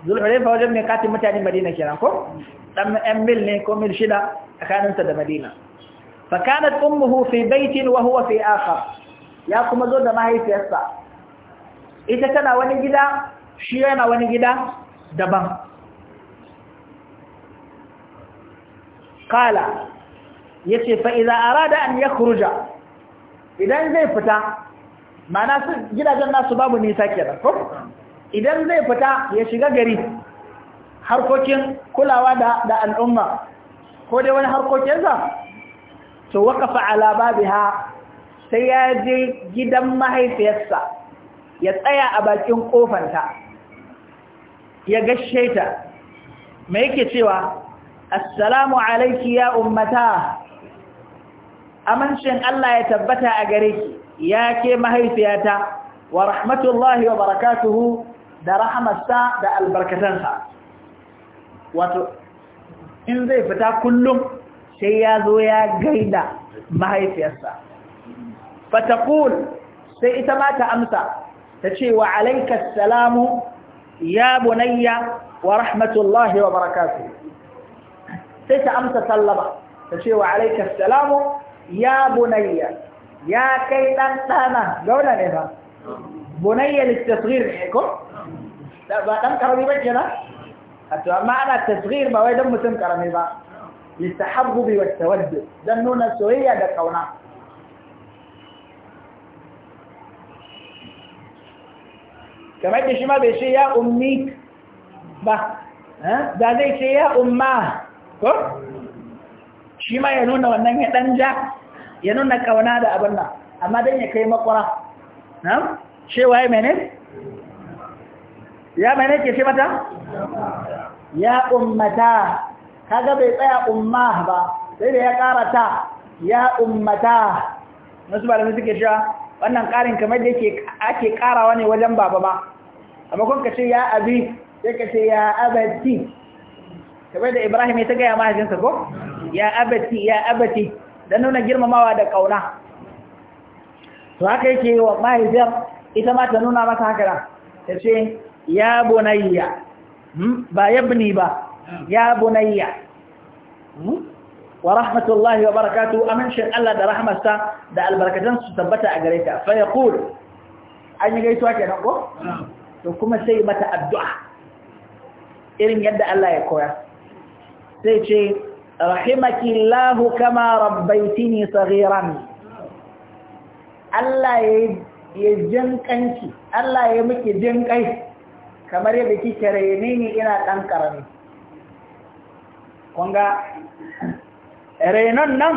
zul hulaifa wajen mai katin mutane madina kenan ko dan ɗan mil ne ko mil shida tsakaninsa da madina fa kana ummuhu fi baitin wa huwa fi akhar ya kuma zo da mahaifiyarsa ita tana wani gida shi yana wani gida daban kala ya ce fa'iza a rada an ya kuruja idan zai fita mana su gidajen nasu babu nisa kenan ko idan zai fita ya shiga gari harkokin kulawa da al'umma ko dai wani harkokinsa to wakafa babu ha. sai ya je gidan mahaifiyarsa ya tsaya a bakin kofanta ya gashe ta me yake cewa assalamu alaiki ya ummata amincin Allah ya tabbata a gare ki ya ke mahaifiyata wa rahmatullahi wa barakatuhu da rahmatsa da albarkatansa wato in zai fita kullum sai ya zo ya gaida mahaifiyarsa fatakul sai ita ma ta amsa ta ce wa alaikas salamu ya bunayya wa rahmatullahi wa barakatuhu sai ta amsa sallama ta ce wa alaikas salamu ya bunayya ya kai dan dana gauna ne ba bunayya litasghir ne ko ba dan karami ba kenan to amma ana tasghir ba wai dan mutum karami ba litahabbubi wattawadd dan nuna soyayya da kauna kamar da shi ma bai ce ya ummi ba da zai ce ya umma ko shi ma ya nuna wannan ya ɗan ja ya nuna kauna da abin nan amma don ya kai makwara na cewa ya mene? ya mene ke ce mata? ya ummata kaga bai tsaya umma ba sai da ya karata ya ummata musu ba da su suke sha wannan karin kamar da ake karawa ne wajen baba ba amma kun ka ce ya abi sai ka ce ya abati kamar da ibrahim ya ta gaya mahajinsa ko ya abati ya abati don nuna girmamawa da kauna to haka yake yi wa mahaifiyar ita ma ta nuna masa haka da ta ce ya bunayya hmm? ba ya yabni ba ya bunayya hmm? wa rahmatullahi wa barakatu amincin Allah da rahmarsa da albarkatun su tabbata a gare ta fa yaqul an yi gaisuwa nan ko to kuma sai mata addu'a irin yadda Allah ya koya sai ce rahimaki kama rabbaitini saghiran Allah ya jinkanki Allah ya miki jinkai kamar yadda kike raine ni ina dan karami kunga rainon nan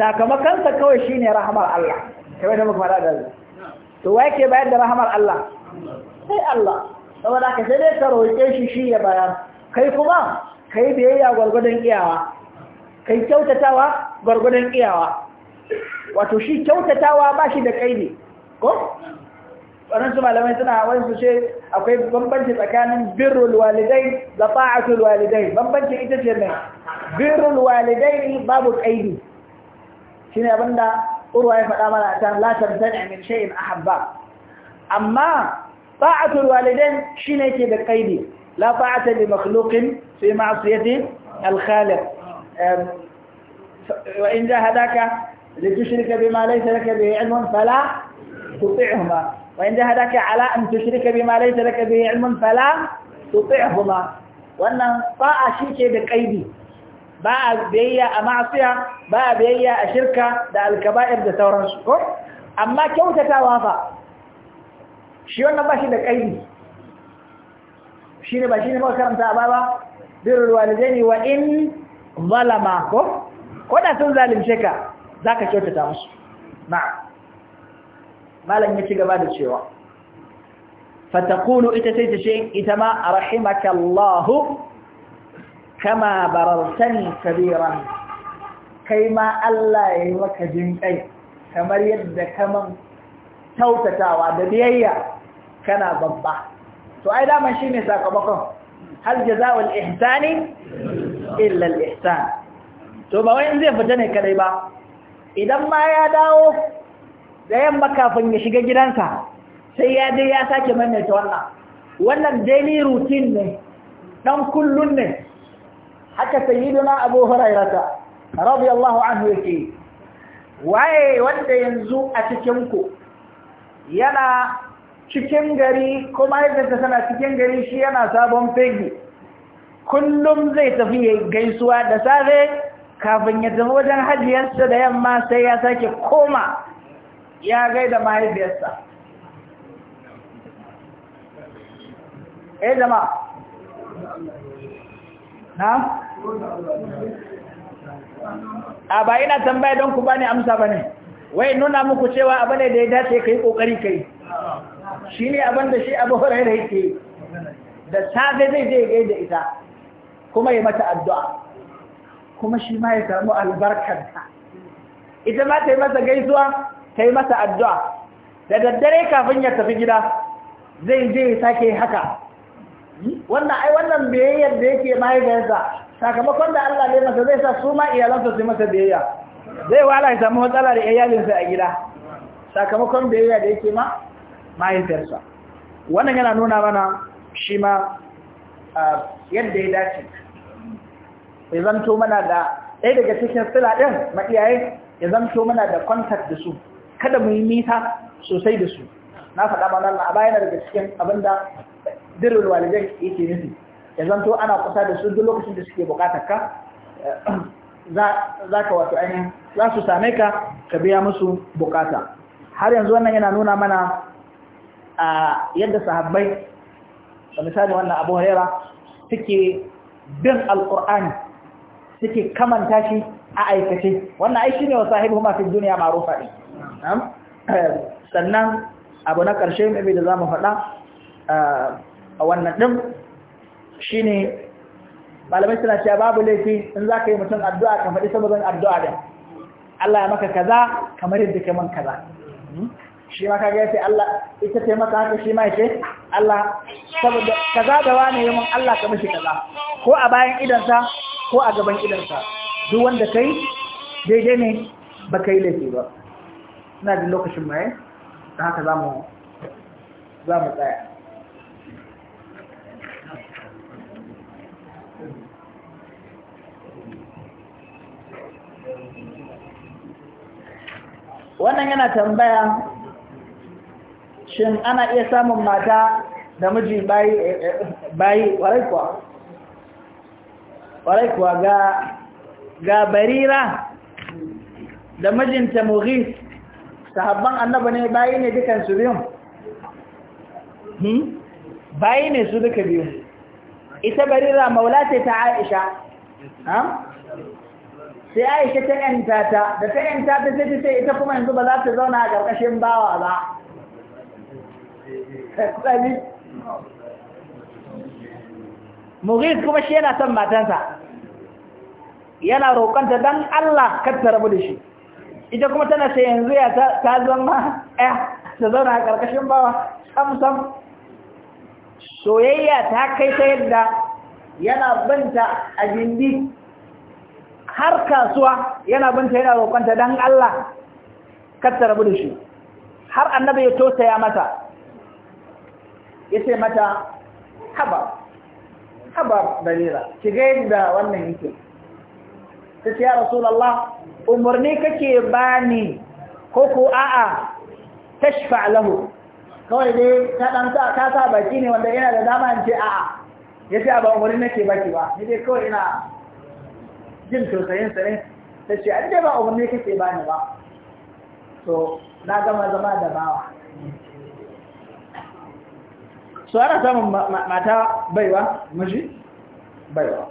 sakamakonsa kawai shine rahmar Allah kamar da muka fara da to wai ke bayar da rahmar Allah sai Allah saboda ka sai dai ka roƙe shi shi ya bayar kai kuma kai biyayya gwargwadon iyawa kai kyautatawa gwargwadon iyawa wato shi kyautatawa ba shi da kaidi ko waɗansu malamai suna su ce akwai bambanci tsakanin birrul walidai da fa'atul walidai bambanci ita ce mai birrul walidai babu kaidi shine abinda urwa ya faɗa mana ta la tabtani min shay'in ahabba amma fa'atul walidai shine ke da kaidi لا طاعة لمخلوق في معصية الخالق وإن جاهداك لتشرك بما ليس لك به علم فلا تطعهما وإن جاهداك على أن تشرك بما ليس لك به علم فلا تطعهما وأن طاعة شيء بقيدي باء بيئة معصية باء بيئة شركة دا الكبائر دا ثورة أما أما كوتة وافا شيء باشي بقيدي shine ba shine muka karanta a baba birrul walidaini wa in zalama ko ko da sun zalunce ka zaka kyautata musu na'am malam ya ci gaba da cewa fataqulu ita sai ta ce ita ma rahimakallahu kama barartani kabiran kai ma Allah ya yi maka jinkai kamar yadda kaman tautatawa da biyayya kana babba to ai daman shine sakamakon hal jazaa'ul ihsani illa al ihsan to ba wai in zai fita ne kadai ba idan ma ya dawo da yamma kafin ya shiga gidansa sai ya je ya sake ta wannan wannan daily routine ne dan kullun ne haka sayyiduna abu hurairata radiyallahu anhu yake waye wanda yanzu a cikin ku yana cikin gari ko ma'aikata tana cikin gari shi yana sabon fegi kullum zai tafi gaisuwa da safe kafin ya tafi wajen hajiyarsa da yamma sai ya sake koma ya gaida mahaifiyarsa eh jama'a na? a ba ina tambaya don ku bane amsa bane wai nuna muku cewa abu ne da ya dace ka yi ƙoƙari ka yi shi ne abin da shi abu da yake da safe zai je gai da ita kuma ya mata addu'a kuma shi ma ya samu ta, ita ma ta yi masa gaisuwa ta yi masa addu'a da daddare kafin ya tafi gida zai je ya sake haka wannan ai wannan biyayyar da yake mahaifiyarsa sakamakon da Allah ne masa zai sa su ma iyalansa su masa biyayya zai wala ya samu matsala da iyalinsa a gida sakamakon biyayya da yake ma mahaifiyarsa wannan yana nuna mana shi ma yadda ya dace ya zanto mana da ɗaya daga cikin sila ɗin ya zanto mana da kwantar da su kada mu yi nisa sosai da su na faɗa mana nan a bayan daga cikin abin da dirin walidai yake nufi ya zanto ana kusa da su duk lokacin da suke buƙatar ka eh, za ka wato ainihin za su same ka ka biya musu bukata har yanzu wannan yana nuna mana a yadda sahabbai da misali wannan abu harera suke bin alƙur'ani suke kamanta shi a aikace wannan aiki ne wa sahibu mafi duniya marufa ne sannan abu na ƙarshe mai da za mu faɗa a wannan ɗin shi ne malamai suna cewa babu laifi in za ka yi mutum addu'a ka faɗi saboda addu'a da Allah ya maka kaza kamar yadda kai man kaza shi ma kaga sai Allah ita ce maka haka shi ma yace Allah saboda kaza da wani mun Allah ka mishi kaza ko a bayan idansa ko a gaban idansa duk wanda kai daidai ne ba kai laifi ba ina da lokacin mai eh? da haka zamu zamu tsaya wannan yana tambaya shin ana iya samun mata da miji bayi bayi kuwa warai kuwa ga barira da mijinta mughis sahabban annaba ne bayi ne dukan su biyun hmm? bayi ne su duka biyun. ita barira maula ce ta aisha sai aisha ta yanta ta da ta yanta ta ce-ce ta ita kuma yanzu ba za ta zauna a ƙarƙashin bawa ba tsali mughis kuma shi yana son matansa yana roƙonta don Allah kar ta rabu da shi ita kuma tana sai yanzu ya ta zama ɗaya ta zauna a ƙarƙashin bawa samsam. soyayya ta kai ta yadda yana banta a jindi har kasuwa yana binta yana roƙonta don Allah kar ta rabu da shi har annabi ya tausaya mata ya ce mata haba haba barira shiga yadda wannan yake ta ce ya rasulallah umarni kake bani ko ku a'a tashfa kawai dai ta sa ta sa baki ne wanda yana da dama in ce a'a yace a ba umarni nake baki ba ni dai kawai ina jin tosayin sa ne ta ce an ce ba umarni kake bani ba to na gama zama da bawa So ana samun mata baiwa mashi baiwa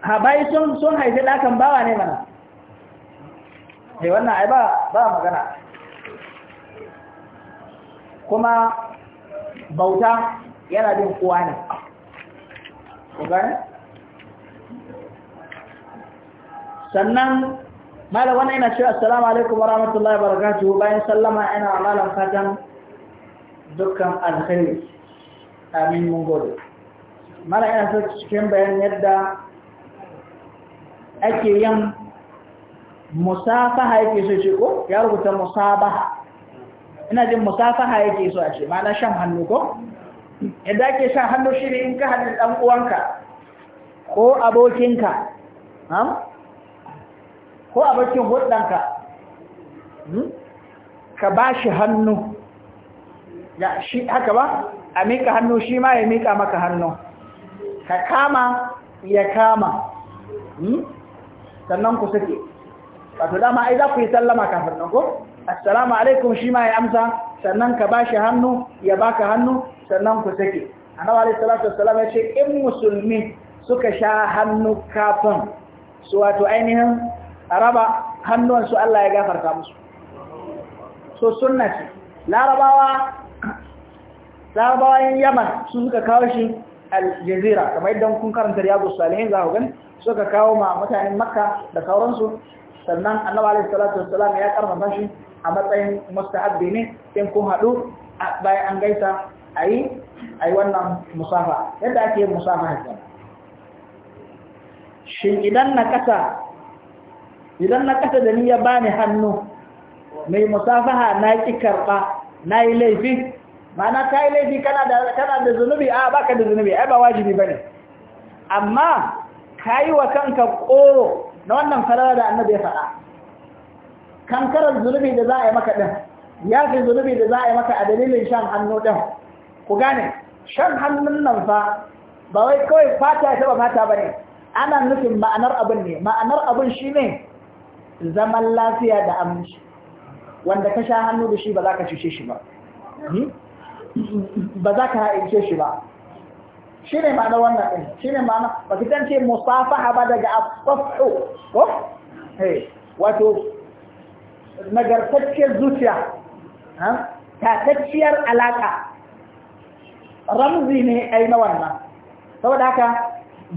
ha bai sun haifi ɗakan bawa ne mana mai eh, wannan ai ba magana kuma bauta yana bin kowa ne ku gane sannan malam wannan yana cewa assalamu alaikum wa rahmatullahi wa barakatu. bayan sallama ina malam fatan dukkan alkhairi amin mun gode malam yana so cikin bayan yadda ake yin musafaha yake so ce ko ya rubuta musabaha ina jin musafaha yake so a ce ma'ana shan hannu ko yadda ake shan hannu shi ne in ka haɗin dan uwanka ko abokinka ko a bakin hudanka hmm? ka ba shi hannu ya shi haka ba a miƙa hannu shi ma ya miƙa maka hannu ka kama ya kama hmm? sannan ku suke wato dama ai za ku yi sallama kafin nan ko assalamu alaikum shi ma ya amsa sannan ka ba shi hannu ya baka hannu sannan ku suke annabi alaihi salatu wassalam ya ce in musulmi suka sha hannu kafin su wato ainihin a raba hannuwansu Allah ya gafarta musu so sunna ce larabawa yin yaman sun suka kawo shi aljazira kamar yadda kun karanta riyadu salihin za ku gani suka kawo ma mutanen makka da sauransu sannan annabi alaihi salatu wassalam ya karfafa shi a matsayin mustahabbi ne in kun haɗu bayan an gaisa ayi ayi wannan musafa yadda ake musafa haka shin idan na kasa idan na kasa da ni ya bani hannu mai musafaha na ki karba na yi laifi ma'ana ka yi laifi kana da zunubi a baka da zunubi ai ba wajibi bane amma kayi wa kanka koro na wannan farawa da annabi ya faɗa kankarar zunubi da za a yi maka din ya fi zunubi da za a yi maka a dalilin shan hannu din ku gane shan hannun nan fa ba wai kawai fata ta ba fata bane ana nufin ma'anar abin ne ma'anar abin shine zaman lafiya da aminci wanda ka sha hannu da shi ba za ka cuce shi ba hmm? ba za ka haice shi ba shi ne ma'ana wannan ɗin shi ne ma'ana ba ki ce musafaha ba daga asafu ko wato nagartacciyar zuciya tacciyar alaƙa ramzi ne ai na wannan saboda haka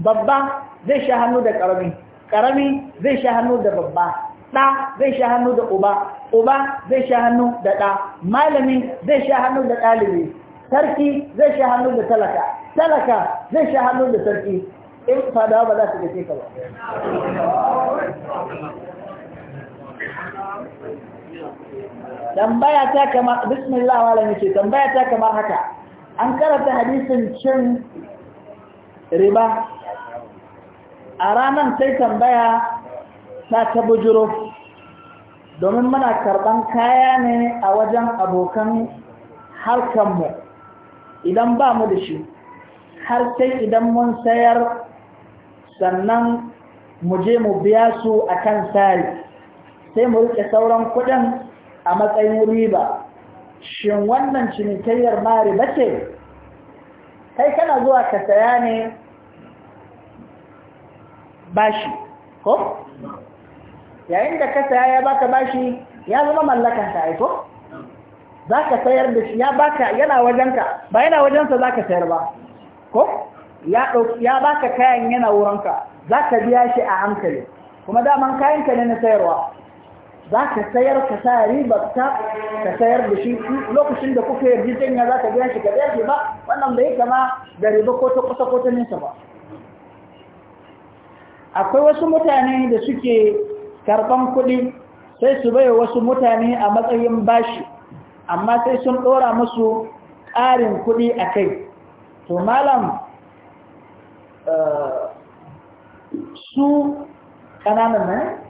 babba zai sha hannu da ƙarami ƙarami zai sha hannu da babba ɗa zai sha hannu da uba uba zai sha hannu da ɗa malami zai sha hannu da ɗalibi sarki zai sha hannu da talaka talaka zai sha hannu da sarki in fada ba za su gace ka ba tambaya ta kama bismillah malami ce tambaya ta kama haka an karanta hadisin cin riba a ranar sai tambaya ta ta bujiro domin muna karɓan kaya ne a wajen abokan harkanmu idan ba mu da shi har sai idan mun sayar sannan mu je mu biya su a kan sari sai mu rike sauran kuɗin a matsayin riba shin wannan cinikayyar mari ba ce kai kana zuwa ka saya ne bashi ko yayin da ka saya ya baka bashi ya zama mallakan ka aiko zaka sayar da shi ya baka yana wajenka ba yana wajensa zaka sayar ba ko ya ya baka kayan yana wurinka ka biya shi a hankali kuma da man kayan ka ne na sayarwa zaka sayar ka sa riba ta ka sayar da shi lokacin da kuka za zaka biya shi ka biya shi ba wannan bai kama da riba ko ta kusa ko ta nesa ba akwai wasu mutane da suke karban kuɗi sai su bai wasu mutane a matsayin bashi amma sai sun ɗora musu ƙarin kuɗi a kai to malam eh, su ƙananan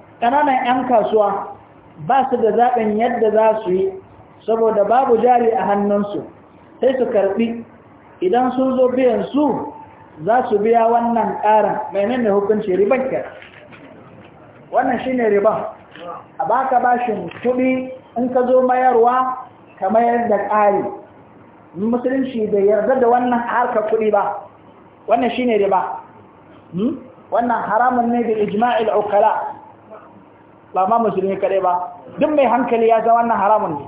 ‘yan kasuwa ba su da zaɓin yadda za su yi saboda babu jari a hannunsu sai su karɓi idan sun zo biyan su za su biya wannan ƙarin mai nuna hukunci ribar kyar wannan shine riba a baka bashin kudi in ka zo mayarwa ka mayar da ƙari musulunci bai yarda da wannan harka kudi ba wannan shine riba hmm? wannan haramun ne da ijma'il ukala ba ma musulmi kadai ba duk mai hankali ya san wannan haramun ne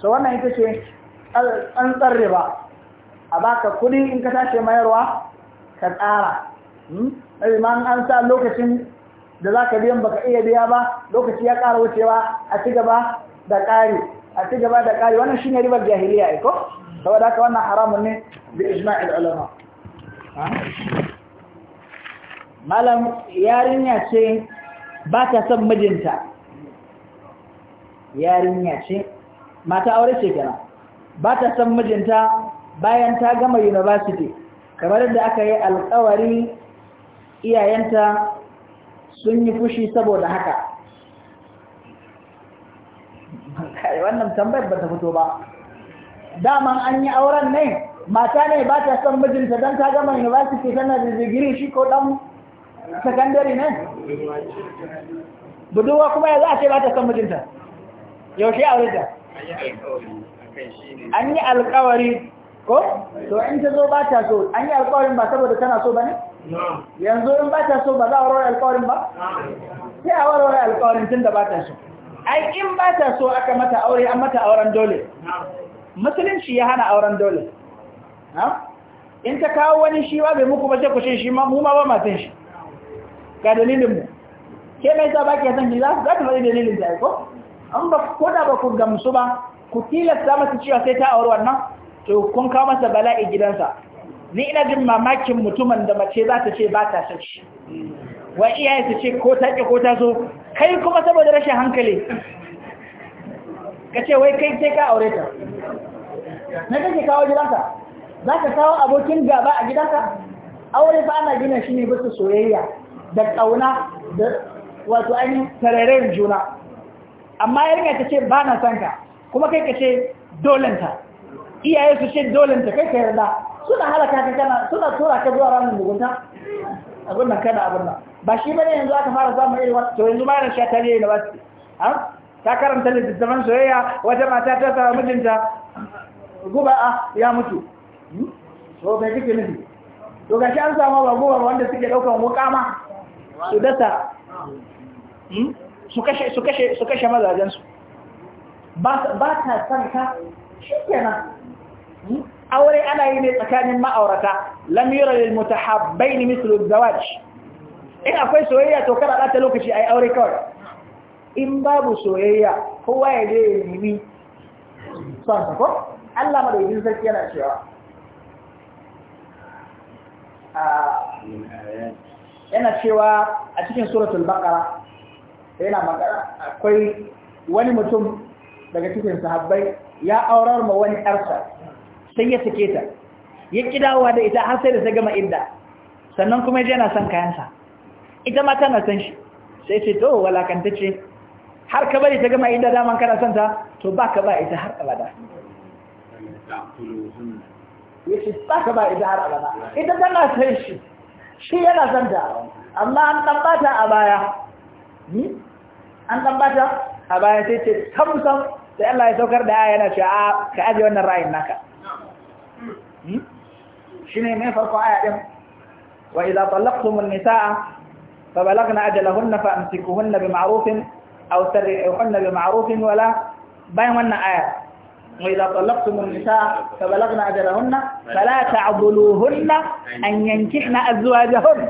so wannan ita ce tsantsar riba a baka kudi in ka tashi mayarwa ka tsara ɗari hmm? ma an sa lokacin da za ka biyan baka iya biya ba lokaci ya ƙara wucewa a ci gaba da ƙari a ci gaba da ƙari wannan shine ribar jahiliya ko saboda haka wannan haramun ne bi ijma'il ulama malam yarinya ce ba ta san mijinta yarinya ce mata aure ce kenan ba ta son mijinta bayan ta gama university kamar da aka yi alƙawari iyayenta sun yi fushi saboda haka wannan tambayar ba ta fito ba daman an yi auren ne mata ne ba ta son mijinta don ta gama university tana da digiri shi ko dan secondary ne budurwa kuma ya za a ce ba ta son mijinta yaushe aure ta an yi alkawari ko to in ta zo ba ta so an yi alkawarin ba saboda tana so ba ne yanzu in ba ta so ba za a warware alkawarin ba sai a warware alkawarin tun da ba ta so ai in ba ta so aka mata aure an mata auren dole musulunci ya hana auren dole in ta kawo wani shi ba, bai muku ba kushe ku shi ma mu ma ba matan shi ga dalilinmu ke mai ta baki ya san ki za ta faɗi dalilin ta aiko an ba ko da ba ku gamsu ba ku tilasta masa cewa sai ta auri wannan to kun kawo masa bala'i gidansa ni ina jin mamakin mutumin da mace za ta ce ba ta san shi wa iyaye su ce ko ta ƙi ko ta so kai kuma saboda rashin hankali ka ce wai kai sai ka aure ta na kake kawo gidanka za ka kawo abokin gaba a gidanka aure fa ana gina shi ne bisa soyayya da ƙauna da wato an tararren juna amma yarinya ta ce ba na son ka kuma kai ka ce dolenta iyaye su ce dolenta kai ka yarda suna halaka ka kana suna tura ka zuwa ranar mugunta abin nan kana abin nan ba shi bane yanzu aka fara samun irin wata to yanzu bayan sha tare na wasu ha ta karanta littattafan soyayya wata mata ta sa mijinta guba a ah, ya mutu hmm? to bai kike nufi to gashi an samu ba guba wanda suke daukan wukama su dasa hmm? su kashe su kashe su kashe mazajen ba ta san ka kenan hmm? أولي أنا إني مكان ما أورتا لم يرى للمتحبين مثل الزواج إن أفوي سوئية توقع لا تلوك شيء أي أوري كور إن باب سوئية هو يدي نمي صنع فو ألا ما ريدي سكي أنا شيئا آه، أنا شيئا أتكين سورة البقرة أنا مقرة أكوي وني متم لكي تكين صحابي يا أورار مواني أرسل sai ya sake ta ya kidawa da ita har sai da ta gama idda sannan kuma ya yana son kayansa ita ma tana san shi sai ce to walakantacce har ka bari ta gama idda daman kana son ta to ba ka ba ita har abada ba ita har abada ita tana son shi shi yana son ta amma an ɗan bata a baya hmm? an ɗan bata a baya sai ce samsam sai Allah ya saukar da aya yana ce a ka aje wannan ra'ayin naka شنو ما فرق آدم آية وإذا طلقتم النساء فبلغنا أجلهن فأمسكوهن بمعروف أو سرعهن بمعروف ولا بينهن آية وإذا طلقتم النساء فبلغنا أجلهن فلا تعضلوهن أن ينكحن أزواجهن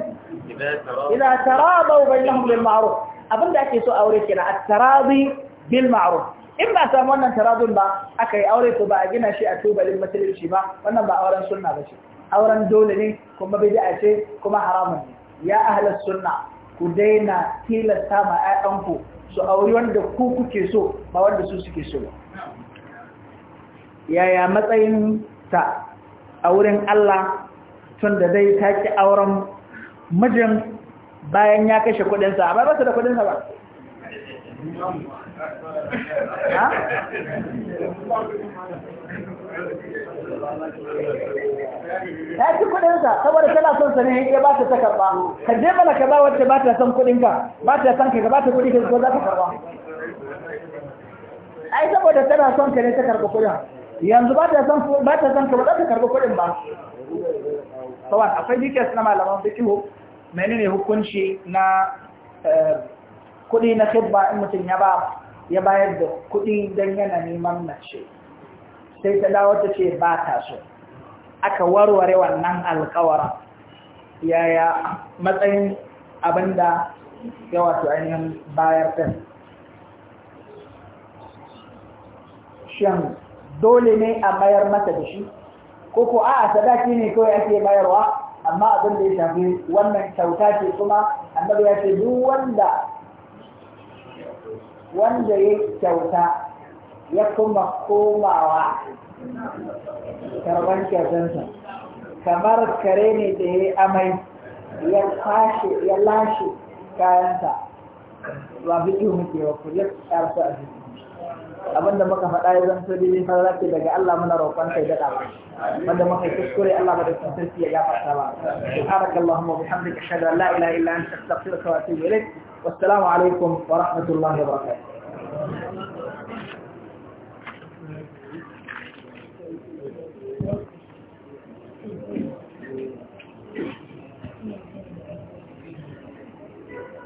إذا تراضوا بينهم بالمعروف أبدأ أكي سؤال التراضي بالمعروف in ba samu wannan taradun ba aka yi aure ko ba a gina shi a tubalin musulunci ba wannan ba auren sunna ba ce auren dole ne kuma bai da ce kuma haramun ne ya ahalar sunna ku daina tilasta ma ƴaƴanku su auri wanda ku kuke so ba wanda su suke so yaya matsayin ta auren Allah tun da zai taki auren mijin bayan ya kashe kudinsa ba ba su da kudinsa ba Ya ci sa saboda tana son sa ne ya ba ta ta karba ka je mana ka ba wacce ba ta son ka, ba ta son ka ba ta kudi ka zo za ka karba ai saboda tana son ka ne ta karba kudin yanzu ba ta son ba ta son ka ba za ta karba kudin ba sawan akwai dikiyar na malaman fikihu menene hukunci na eh, kudi na khidma in mutum ya ba ya bayar da kuɗi don yana neman mace sai ta dawo ta ce ba ta so aka warware wannan alkawara yaya matsayin abin da ya wato ainihin bayar ɗin Shan dole ne a bayar mata da shi ko ko a sadaki ne kawai ake bayarwa amma abin da ya shafi wannan kyauta ce kuma annabi ya ce duk wanda wanda ya kyauta ya kuma komawa karban kyautansa kamar kare ne da ya amai ya fashe ya lashe kayansa ba bidiyo muke wa ku ya a jiki da muka faɗa ya zanto dai fara ce daga Allah muna roƙon kai da ɗawa wanda muka kuskure Allah ba da sun sarki ya gafarta ba subhanaka allahumma bihamdika ashhadu an la ilaha illa anta astaghfiruka wa atubu ilaik wassalamu alaikum wa rahmatullahi wa barakatuh